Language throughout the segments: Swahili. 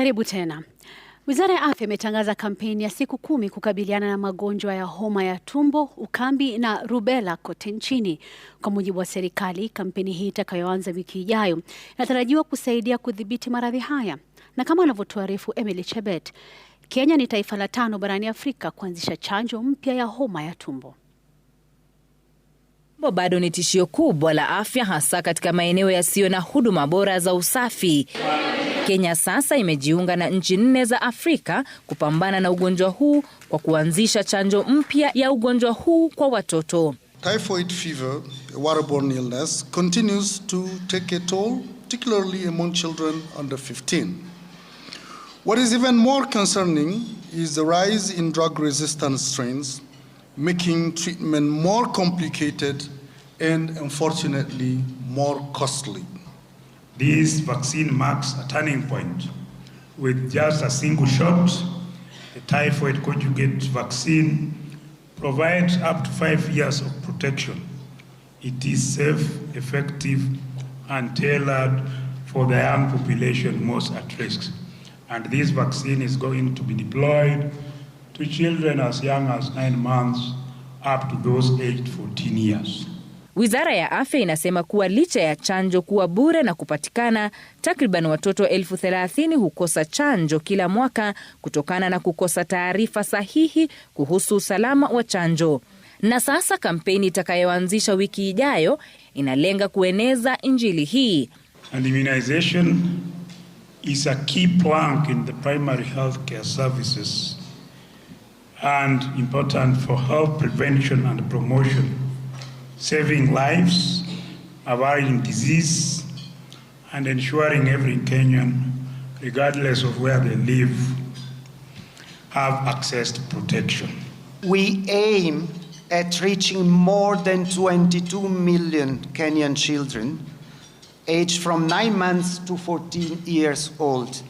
Karibu tena. Wizara ya Afya imetangaza kampeni ya siku kumi kukabiliana na magonjwa ya homa ya tumbo, ukambi na rubela kote nchini. Kwa mujibu wa serikali, kampeni hii itakayoanza wiki ijayo inatarajiwa kusaidia kudhibiti maradhi haya, na kama anavyotuarifu Emily Chebet, Kenya ni taifa la tano barani Afrika kuanzisha chanjo mpya ya homa ya tumbo. Bado ni tishio kubwa la afya, hasa katika maeneo yasiyo na huduma bora za usafi. Kenya sasa imejiunga na nchi nne za Afrika kupambana na ugonjwa huu kwa kuanzisha chanjo mpya ya ugonjwa huu kwa watoto. Typhoid fever, a waterborne illness, continues to take a toll, particularly among children under 15. What is even more concerning is the rise in drug-resistant strains, making treatment more complicated and unfortunately more costly. This vaccine marks a turning point. With just a single shot, the typhoid conjugate vaccine provides up to five years of protection. It is safe, effective, and tailored for the young population most at risk. And this vaccine is going to be deployed to children as young as nine months up to those aged 14 years. Wizara ya Afya inasema kuwa licha ya chanjo kuwa bure na kupatikana, takriban watoto elfu thelathini hukosa chanjo kila mwaka kutokana na kukosa taarifa sahihi kuhusu usalama wa chanjo. Na sasa kampeni itakayoanzisha wiki ijayo inalenga kueneza injili hii. immunization is a key plank in the primary healthcare services and important for health prevention and promotion saving lives, averting disease, and ensuring every Kenyan, regardless of where they live, have access to protection. We aim at reaching more than 22 million Kenyan children aged from 9 months to 14 years old.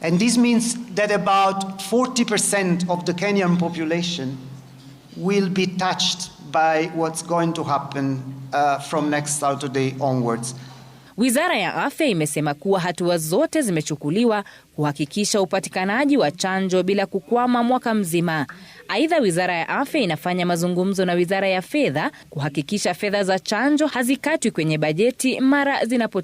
And this means that about 40% of the Kenyan population will be touched by what's going to happen uh, from next Saturday onwards. Wizara ya Afya imesema kuwa hatua zote zimechukuliwa kuhakikisha upatikanaji wa chanjo bila kukwama mwaka mzima. Aidha, Wizara ya Afya inafanya mazungumzo na Wizara ya Fedha kuhakikisha fedha za chanjo hazikatwi kwenye bajeti mara zinapo